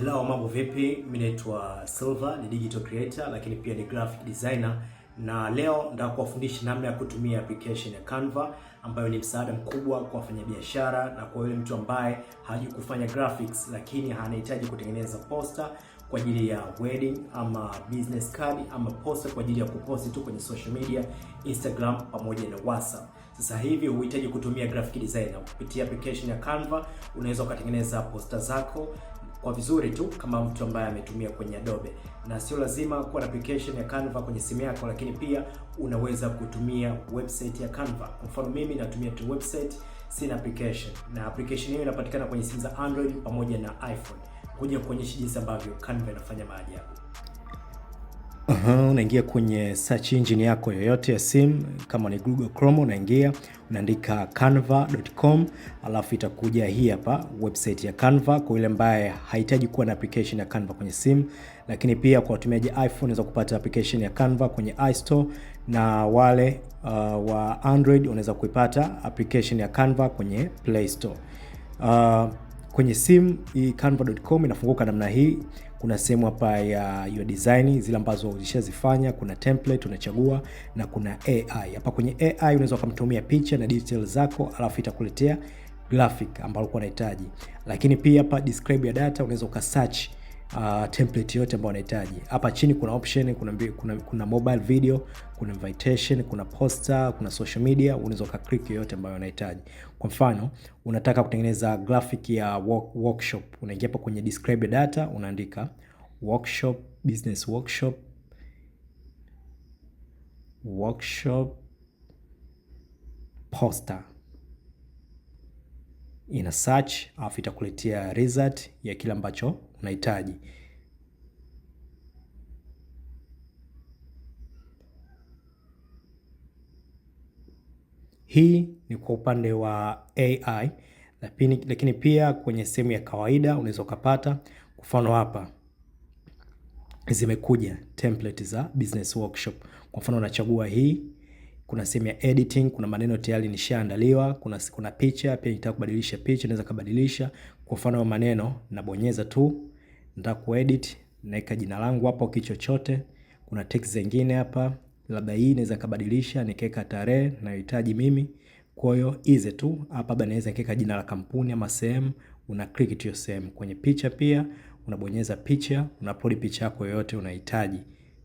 Hello, mambo vipi? Mimi naitwa Silva, ni digital creator lakini pia ni graphic designer, na leo nataka kuwafundisha namna ya kutumia application ya Canva ambayo ni msaada mkubwa kwa wafanyabiashara na kwa yule mtu ambaye hajui kufanya graphics lakini anahitaji kutengeneza poster kwa ajili ya wedding ama business card ama poster kwa ajili ya kuposti tu kwenye social media, Instagram pamoja na WhatsApp. Sasa hivi huhitaji kutumia graphic designer. Kupitia application ya Canva unaweza ukatengeneza poster zako kwa vizuri tu kama mtu ambaye ametumia kwenye Adobe, na sio lazima kuwa na application ya Canva kwenye simu yako, lakini pia unaweza kutumia website ya Canva. Kwa mfano mimi natumia tu website, sina application, na application hiyo inapatikana kwenye simu za Android pamoja na iPhone. Kuja kuonyesha jinsi ambavyo Canva inafanya maajabu unaingia kwenye search engine yako yoyote ya simu, kama ni Google Chrome unaingia unaandika canva.com, alafu itakuja hii hapa website ya Canva kwa yule ambaye hahitaji kuwa na application ya Canva kwenye simu, lakini pia kwa watumiaji iPhone unaweza kupata application ya Canva kwenye iStore na wale uh, wa Android unaweza kuipata application ya Canva kwenye Play Store. Uh, kwenye simu hii canva.com inafunguka namna hii kuna sehemu hapa ya your design zile ambazo ulishazifanya, kuna template unachagua na kuna AI. Hapa kwenye AI unaweza ukamtumia picha na details zako, alafu itakuletea graphic ambalo ulikuwa unahitaji, lakini pia hapa describe ya data unaweza ukasearch uh, template yote ambayo unahitaji. Hapa chini kuna option, kuna, kuna, kuna mobile video, kuna invitation, kuna poster, kuna social media. Unaweza ka click yoyote ambayo unahitaji. Kwa mfano, unataka kutengeneza graphic ya work, workshop, unaingia hapa kwenye describe data, unaandika workshop, business workshop, workshop poster ina search, alafu itakuletea result ya kile ambacho unahitaji. Hii ni kwa upande wa AI, lakini, lakini pia kwenye sehemu ya kawaida unaweza ukapata kwa mfano hapa zimekuja template za business workshop. Kwa mfano unachagua hii, kuna sehemu ya editing, kuna maneno tayari nishaandaliwa, kuna, kuna picha pia nitaka kubadilisha picha, naweza kubadilisha kwa mfano maneno nabonyeza tu nataka kuedit, naweka jina langu hapo kichochote. Kuna text zingine hapa, labda hii naweza kabadilisha nikaweka tarehe nayohitaji mimi. Kwa hiyo hizi tu hapa, labda naweza nikaweka jina la kampuni ama sehemu, una click to sehemu. Kwenye picha pia unabonyeza picha, una upload picha yako yoyote unahitaji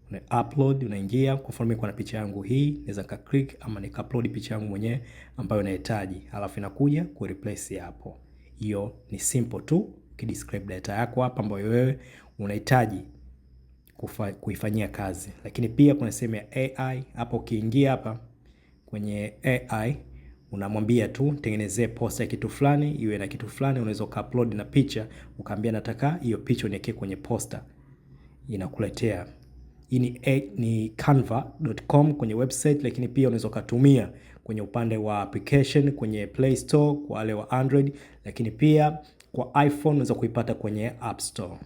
una upload, unaingia. Kwa mfano mimi kuna picha yangu hii, naweza ka click ama nika upload picha yangu mwenyewe ambayo unahitaji, alafu inakuja ku replace hapo. Hiyo ni simple tu ukidescribe data yako hapa ambayo wewe unahitaji kuifanyia kazi. Lakini pia kuna sehemu ya AI hapa, ukiingia hapa kwenye AI unamwambia tu tengenezee posta ya kitu fulani iwe na kitu fulani, unaweza ukaupload na picha, ukaambia nataka hiyo picha uniwekee kwenye posta, inakuletea hii ni, ni canva.com kwenye website, lakini pia unaweza ukatumia kwenye upande wa application kwenye Play Store kwa wale wa Android, lakini pia kwa iPhone unaweza kuipata kwenye App Store.